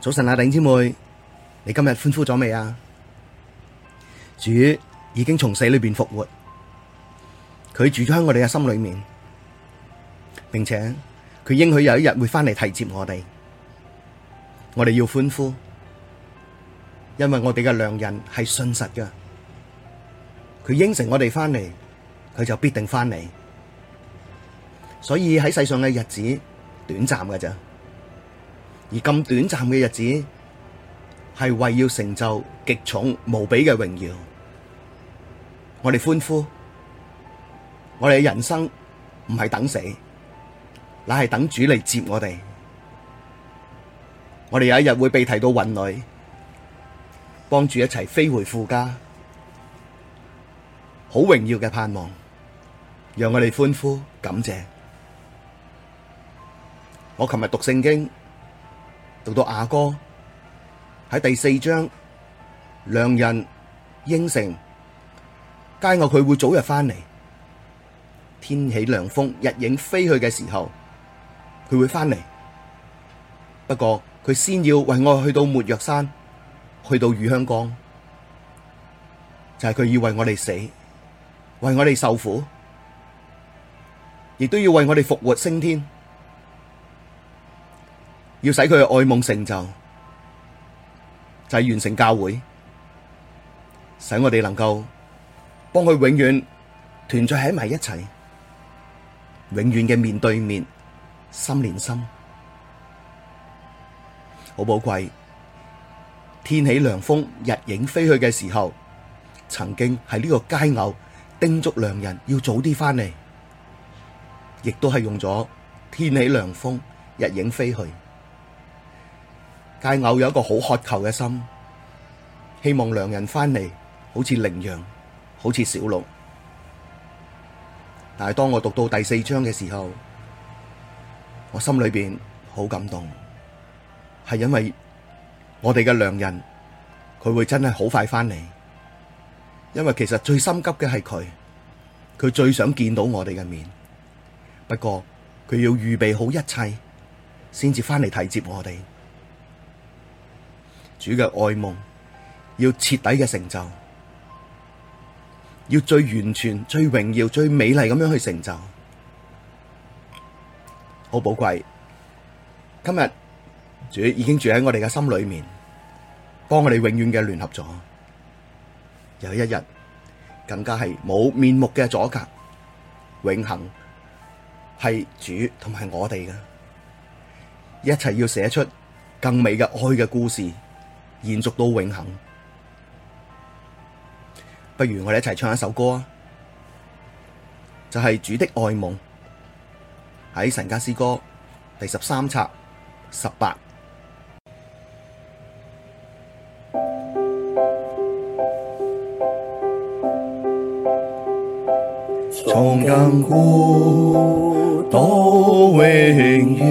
早晨啊，頂姐妹，你今日歡呼咗未啊？主已經從死裏邊復活，佢住咗喺我哋嘅心裏面，並且佢應許有一日會翻嚟提接我哋，我哋要歡呼，因為我哋嘅良人係信實嘅，佢應承我哋翻嚟，佢就必定翻嚟，所以喺世上嘅日子短暫嘅咋。而咁短暫嘅日子，係為要成就極重無比嘅榮耀，我哋歡呼。我哋嘅人生唔係等死，乃係等主嚟接我哋。我哋有一日會被提到雲裏，幫住一齊飛回父家，好榮耀嘅盼望，讓我哋歡呼感謝。我琴日讀聖經。到雅歌喺第四章，良人應承，皆我佢會早日翻嚟。天起涼風，日影飛去嘅時候，佢會翻嚟。不過佢先要為我去到沒藥山，去到乳香岡，就係佢要為我哋死，為我哋受苦，亦都要為我哋復活升天。要使佢嘅愛夢成就，就係完成教會，使我哋能夠幫佢永遠團聚喺埋一齊，永遠嘅面對面、心連心，好寶貴。天起涼風，日影飛去嘅時候，曾經係呢個佳偶叮囑良人要早啲翻嚟，亦都係用咗天起涼風，日影飛去。佳偶有一個好渴求嘅心，希望良人翻嚟，好似羚羊，好似小鹿。但係當我讀到第四章嘅時候，我心裏面好感動，係因為我哋嘅良人，佢會真係好快翻嚟，因為其實最心急嘅係佢，佢最想見到我哋嘅面。不過佢要預備好一切，先至翻嚟提接我哋。主嘅愛夢要徹底嘅成就，要最完全、最榮耀、最美麗咁樣去成就，好寶貴。今日主已經住喺我哋嘅心裏面，幫我哋永遠嘅聯合咗。有一日更加係冇面目嘅阻隔，永恆係主同埋我哋嘅，一齊要寫出更美嘅愛嘅故事。延續到永恒，不如我哋一齊唱一首歌啊！就係、是、主的愛夢，喺神家詩歌第十三冊十八。從亙古到永遠，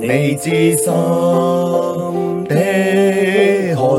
你至深。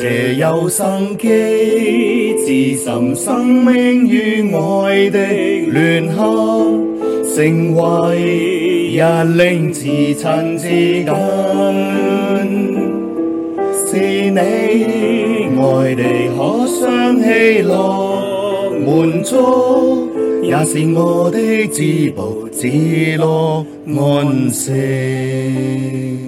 這有生機，至深生命與愛的聯合，成為一靈，至親至近。是祢愛的渴想、喜樂、滿足，也是我的至寶、至樂、安息。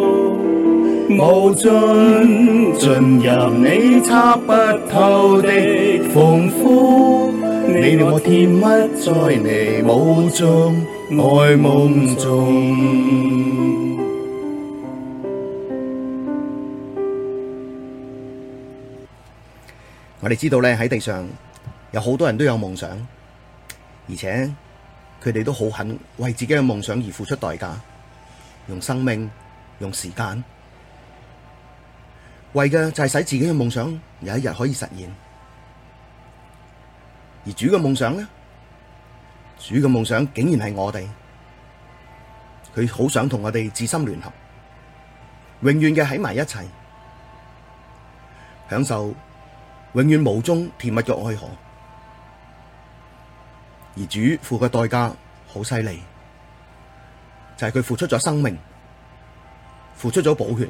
無盡進入你測不透的豐富，你令我甜蜜在你無盡愛夢中。我哋知道咧，喺地上有好多人都有夢想，而且佢哋都好肯為自己嘅夢想而付出代價，用生命，用時間。為嘅就係使自己嘅夢想有一日可以實現，而主嘅夢想呢，主嘅夢想竟然係我哋，佢好想同我哋至深聯合，永遠嘅喺埋一齊，享受永遠無終甜蜜嘅愛河，而主付嘅代價好犀利，就係佢付出咗生命，付出咗寶血。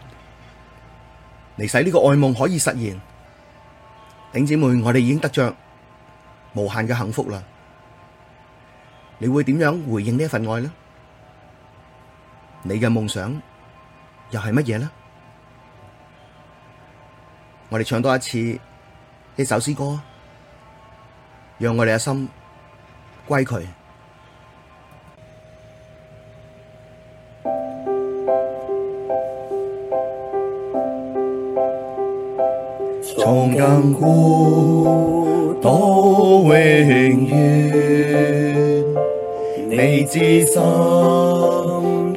嚟使呢個愛夢可以實現，頂姐妹，我哋已經得着無限嘅幸福啦。你會點樣回應呢一份愛呢？你嘅夢想又係乜嘢呢？我哋唱多一次呢首詩歌，讓我哋嘅心歸佢。從亙古到永遠，祢至深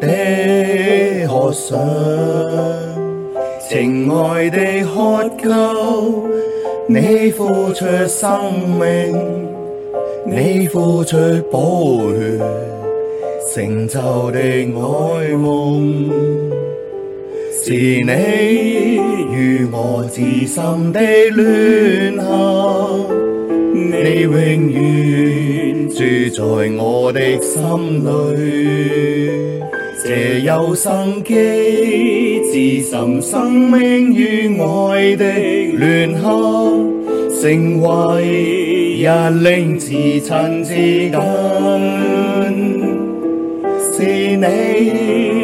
的渴想，情愛的渴求，你付出生命，你付出寶血，成就的愛夢。是你與我至深的聯合，你永遠住在我的心裡。這有生機、至深生命與愛的聯合，成為一靈，至親至近。是你。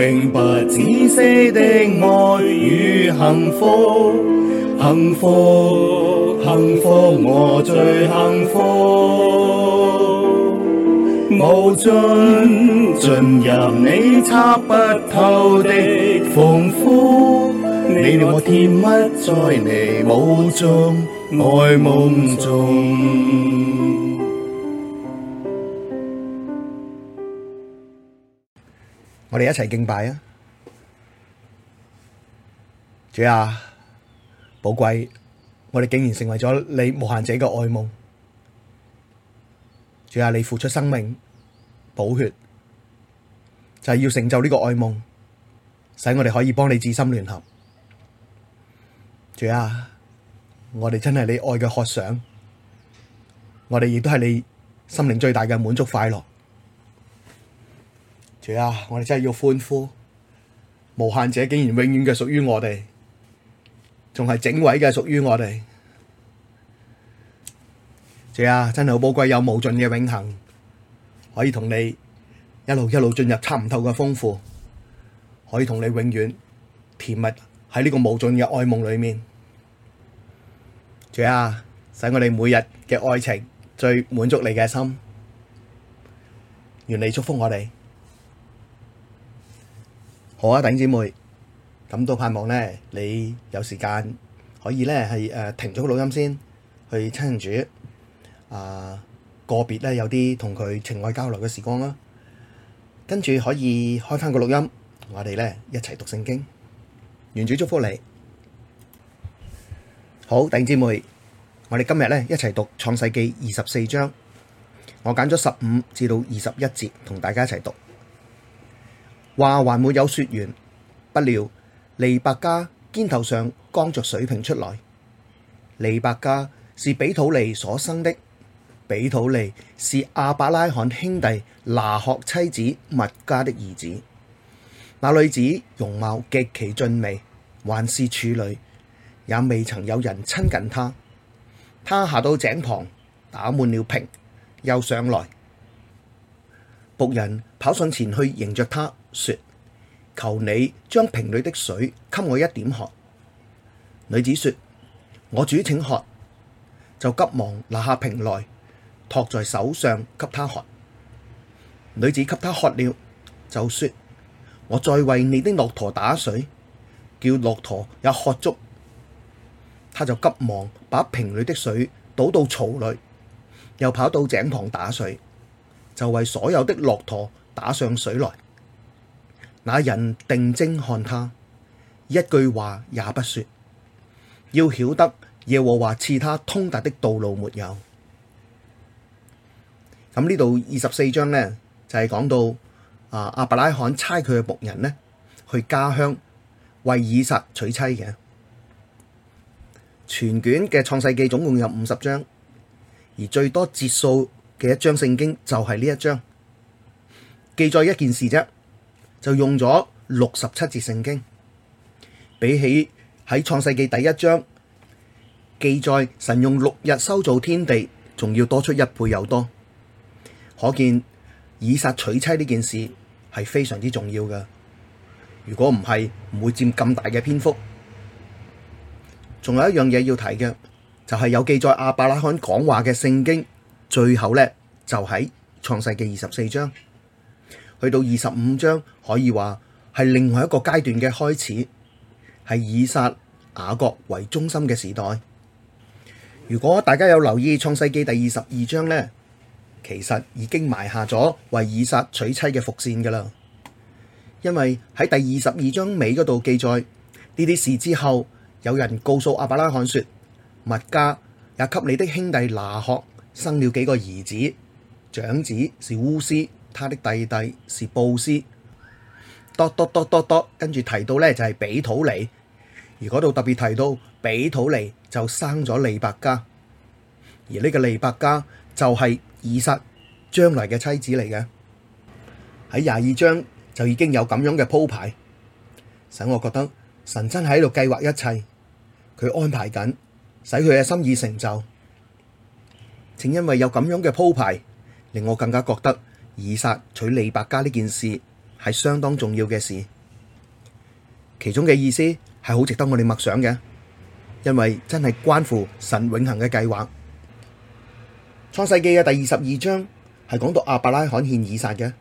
永不止息的愛與幸福，幸福，幸福我最幸福，無盡進入你測不透的豐富，你令我甜蜜在你無盡愛夢中。我哋一齊敬拜啊！主啊，寶貴，我哋竟然成為咗你無限者嘅愛夢。主啊，你付出生命、寶血，就係要成就呢個愛夢，使我哋可以幫你至深聯合。主啊，我哋真係你愛嘅渴想，我哋亦都係你心靈最大嘅滿足快樂。主啊，我哋真係要歡呼！無限者竟然永遠嘅屬於我哋，仲係整位嘅屬於我哋。主啊，真係好寶貴有無盡嘅永恆，可以同你一路一路進入測唔透嘅豐富，可以同你永遠甜蜜喺呢個無盡嘅愛夢裏面。主啊，使我哋每日嘅愛情最滿足你嘅心，願你祝福我哋。好啊，弟兄姊妹，咁都盼望咧，你有時間可以咧係誒停咗個錄音先，去親近啊個別咧有啲同佢情愛交流嘅時光啦，跟住可以開翻個錄音，我哋咧一齊讀聖經。願主祝福你。好，弟兄姊妹，我哋今日咧一齊讀創世記二十四章，我揀咗十五至到二十一節同大家一齊讀。話還沒有說完，不料，尼伯嘉肩頭上光着水瓶出來。尼伯嘉是比土利所生的，比土利是阿伯拉罕兄弟拿鶴妻子麥加的兒子。那女子容貌極其俊美，還是處女，也未曾有人親近她。她下到井旁，打滿了瓶，又上來。僕人跑上前去迎着她。說：求你將瓶裡的水給我一點喝。女子說：我主請喝。就急忙拿下瓶來，托在手上給她喝。女子給她喝了，就說：我再為你的駱駝打水，叫駱駝也喝足。他就急忙把瓶裡的水倒到槽裡，又跑到井旁打水，就為所有的駱駝打上水來。那人定睛看他，一句話也不說，要曉得耶和華賜他通達的道路沒有。咁呢度二十四章呢，就係、是、講到啊，亞伯拉罕差佢嘅僕人呢，去家鄉為以撒娶妻嘅。全卷嘅創世記總共有五十章，而最多節數嘅一章聖經就係呢一章，記載一件事啫。就用咗六十七節聖經，比起喺創世紀第一章記載神用六日修造天地，仲要多出一倍又多，可見以撒娶妻呢件事係非常之重要嘅。如果唔係，唔會佔咁大嘅篇幅。仲有一樣嘢要提嘅，就係有記載亞伯拉罕講話嘅聖經，最後呢，就喺創世紀二十四章，去到二十五章。可以話係另外一個階段嘅開始，係以撒雅各為中心嘅時代。如果大家有留意《創世記》第二十二章呢，其實已經埋下咗為以撒娶妻嘅伏線㗎啦。因為喺第二十二章尾嗰度記載呢啲事之後，有人告訴亞伯拉罕說：密迦也給你的兄弟拿鶴生了幾個兒子，長子是烏斯，他的弟弟是布斯。哆哆哆哆哆，跟住提到呢，就係彼土利。而嗰度特別提到彼土利，就生咗利百加，而呢個利百加就係以撒將來嘅妻子嚟嘅。喺廿二章就已經有咁樣嘅鋪排，使我覺得神真喺度計劃一切，佢安排緊，使佢嘅心意成就。正因為有咁樣嘅鋪排，令我更加覺得以撒娶利百加呢件事，係相當重要嘅事，其中嘅意思係好值得我哋默想嘅，因為真係關乎神永恒嘅計劃。創世記嘅第二十二章係講到亞伯拉罕獻以撒嘅，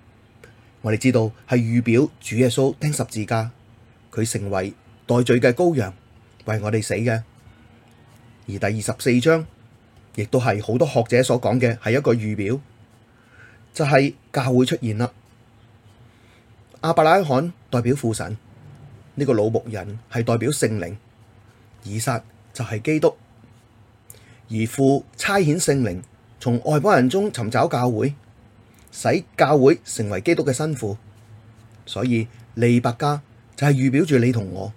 我哋知道係預表主耶穌釘十字架，佢成為代罪嘅羔羊，為我哋死嘅。而第二十四章亦都係好多學者所講嘅，係一個預表，就係教會出現啦。亞伯拉罕代表父神，呢個老僕人係代表聖靈，以撒就係基督，而父差遣聖靈從外邦人中尋找教會，使教會成為基督嘅新婦。所以利百加就係預表住你同我，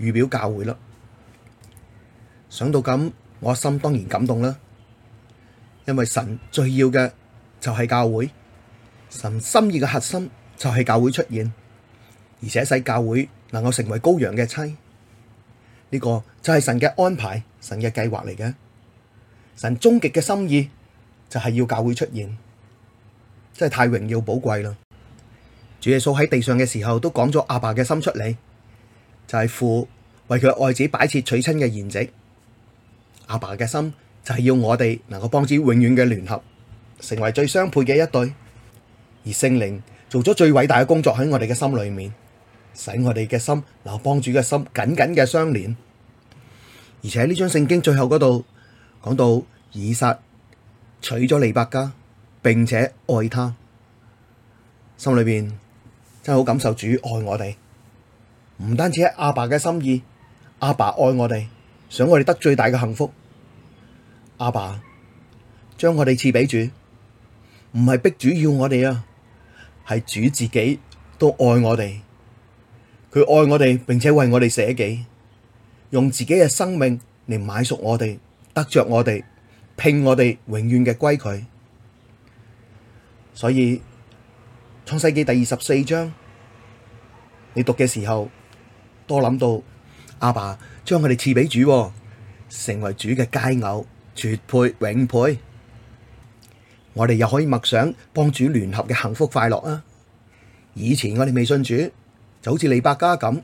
預表教會啦。想到咁，我心當然感動啦，因為神最要嘅就係教會，神心意嘅核心。就係教會出現，而且使教會能夠成為羔羊嘅妻，呢個就係神嘅安排，神嘅計劃嚟嘅。神終極嘅心意就係要教會出現，真係太榮耀寶貴啦！主耶穌喺地上嘅時候都講咗阿爸嘅心出嚟，就係父為佢嘅愛子擺設娶親嘅筵席。阿爸嘅心就係要我哋能夠幫之永遠嘅聯合，成為最相配嘅一對。而聖靈。做咗最偉大嘅工作喺我哋嘅心裏面，使我哋嘅心嗱，留幫主嘅心緊緊嘅相連。而且呢張聖經最後嗰度講到以撒娶咗利百加，並且愛他，心裏邊真係好感受主愛我哋。唔單止係阿爸嘅心意，阿爸愛我哋，想我哋得最大嘅幸福。阿爸將我哋賜俾主，唔係逼主要我哋啊，係主自己都愛我哋，佢愛我哋，並且為我哋捨己，用自己嘅生命嚟買贖我哋，得着我哋，聘我哋永遠嘅歸佢。所以創世記第二十四章，你讀嘅時候多諗到阿爸將佢哋賜俾主，成為主嘅佳偶，絕配永配。我哋又可以默想幫主聯合嘅幸福快樂啊！以前我哋未信主，就好似利百加咁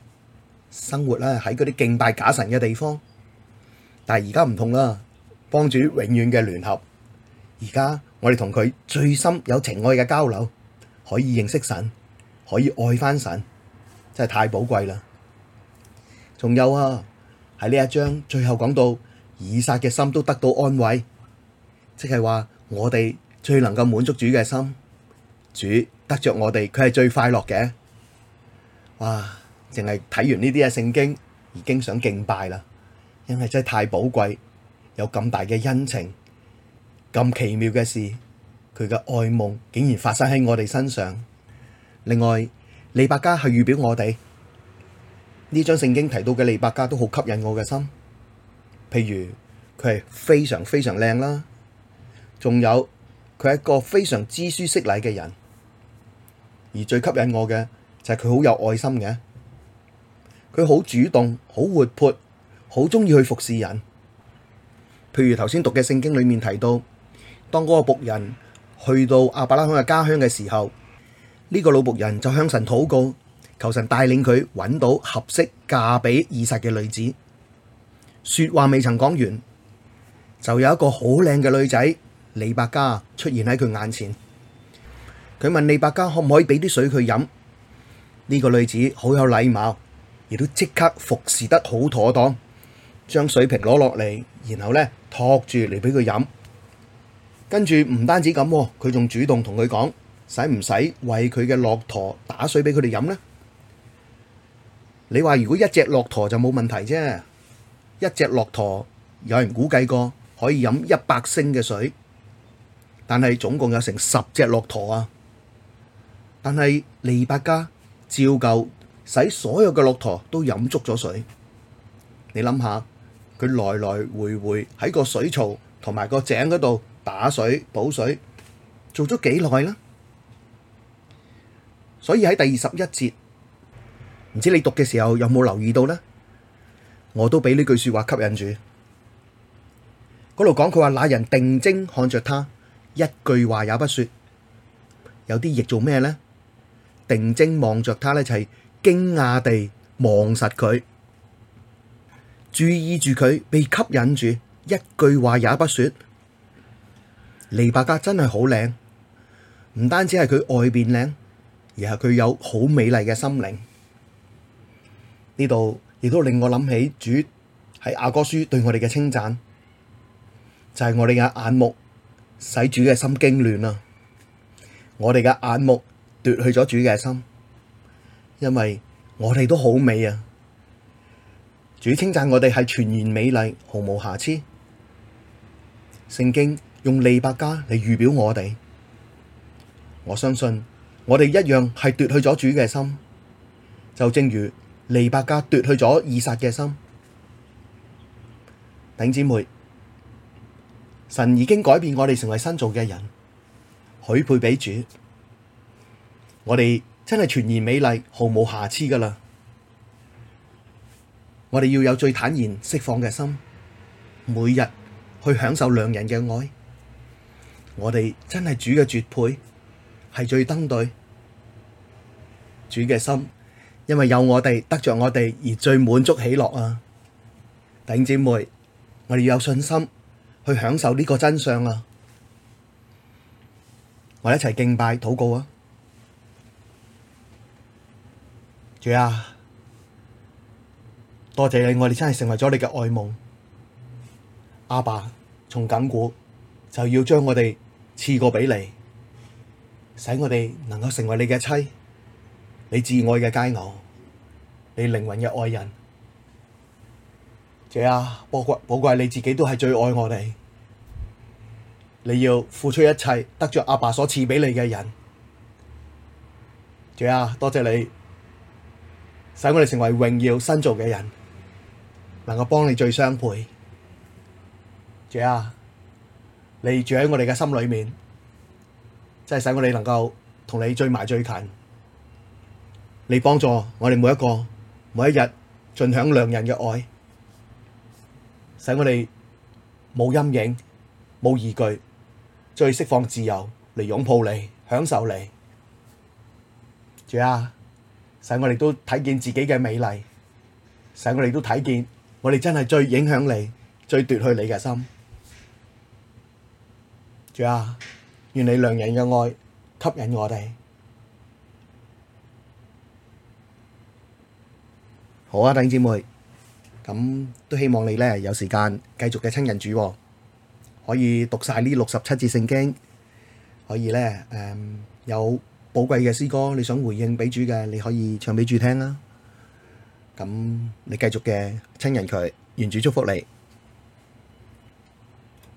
生活啦，喺嗰啲敬拜假神嘅地方。但係而家唔同啦，幫主永遠嘅聯合。而家我哋同佢最深有情愛嘅交流，可以認識神，可以愛返神，真係太寶貴啦！仲有啊，喺呢一章最後講到，以撒嘅心都得到安慰，即係話我哋。最能夠滿足主嘅心，主得着我哋，佢係最快樂嘅。哇！淨係睇完呢啲嘅聖經，已經想敬拜啦，因為真係太寶貴，有咁大嘅恩情，咁奇妙嘅事，佢嘅愛夢竟然發生喺我哋身上。另外，利百加係預表我哋。呢張聖經提到嘅利百加都好吸引我嘅心。譬如佢係非常非常靚啦，仲有。佢係一個非常知書識禮嘅人，而最吸引我嘅就係佢好有愛心嘅，佢好主動、好活潑、好中意去服侍人。譬如頭先讀嘅聖經裡面提到，當嗰個僕人去到亞伯拉罕嘅家鄉嘅時候，呢個老僕人就向神禱告，求神帶領佢揾到合適嫁俾以撒嘅女子。説話未曾講完，就有一個好靚嘅女仔，利百加出現喺佢眼前，佢問利百加可唔可以俾啲水佢飲。呢個女子好有禮貌，亦都即刻服侍得好妥當，將水瓶攞落嚟，然後呢托住嚟俾佢飲。跟住唔單止咁，佢仲主動同佢講：「使唔使為佢嘅駱駝打水俾佢哋飲呢？」你話如果一隻駱駝就冇問題啫，一隻駱駝有人估計過可以飲一百升嘅水。但係總共有成十隻駱駝啊！但係利百加照舊使所有嘅駱駝都飲足咗水。你諗下，佢來來回回喺個水槽同埋個井嗰度打水補水，做咗幾耐啦？所以喺第二十一節，唔知你讀嘅時候有冇留意到呢？我都俾呢句説話吸引住。嗰度講，佢話那人定睛看着他。一句話也不說，有啲譯做咩呢？定睛望着他呢就係、是、驚訝地望實佢，注意住佢，被吸引住，一句話也不說。利百加真係好靚，唔單止係佢外邊靚，而係佢有好美麗嘅心靈。呢度亦都令我諗起主喺雅歌書對我哋嘅稱讚，就係、是、我哋嘅眼目。使主嘅心驚亂啊！我哋嘅眼目奪去咗主嘅心，因為我哋都好美啊！主稱讚我哋係全然美麗，毫無瑕疵。聖經用利百加嚟預表我哋，我相信我哋一樣係奪去咗主嘅心，就正如利百加奪去咗以撒嘅心。丁姊妹。神已經改變我哋成為新造嘅人，許配俾主，我哋真係全然美麗，毫無瑕疵噶啦！我哋要有最坦然釋放嘅心，每日去享受良人嘅愛。我哋真係主嘅絕配，係最登對。主嘅心，因為有我哋得着我哋而最滿足喜樂啊！弟兄姐妹，我哋要有信心。去享受呢個真相啊！我哋一齊敬拜禱告啊！主啊，多謝你，我哋真係成為咗你嘅愛夢，阿爸從亙古就要將我哋賜過俾你，使我哋能夠成為你嘅妻，你至愛嘅佳偶，你靈魂嘅愛人。主啊，寶貴寶貴你自己都係最愛我哋，你要付出一切得着阿爸所賜俾你嘅人。主啊，多謝你，使我哋成為榮耀新造嘅人，能夠幫你最相配。主啊，你住喺我哋嘅心裏面，真係使我哋能夠同你最埋最近，你幫助我哋每一個每一日盡享良人嘅愛。使我哋冇陰影、冇疑懼，最釋放自由嚟擁抱你、享受你。主啊，使我哋都睇見自己嘅美麗，使我哋都睇見我哋真係最影響你、最奪去你嘅心。主啊，願你良人嘅愛吸引我哋。好啊，弟兄姊妹。咁都希望你咧，有時間繼續嘅親近主，哦，可以讀晒呢六十七節聖經，可以咧誒、嗯、有寶貴嘅詩歌，你想回應俾主嘅，你可以唱俾、啊嗯、主聽啦。咁你繼續嘅親近佢，願主祝福你。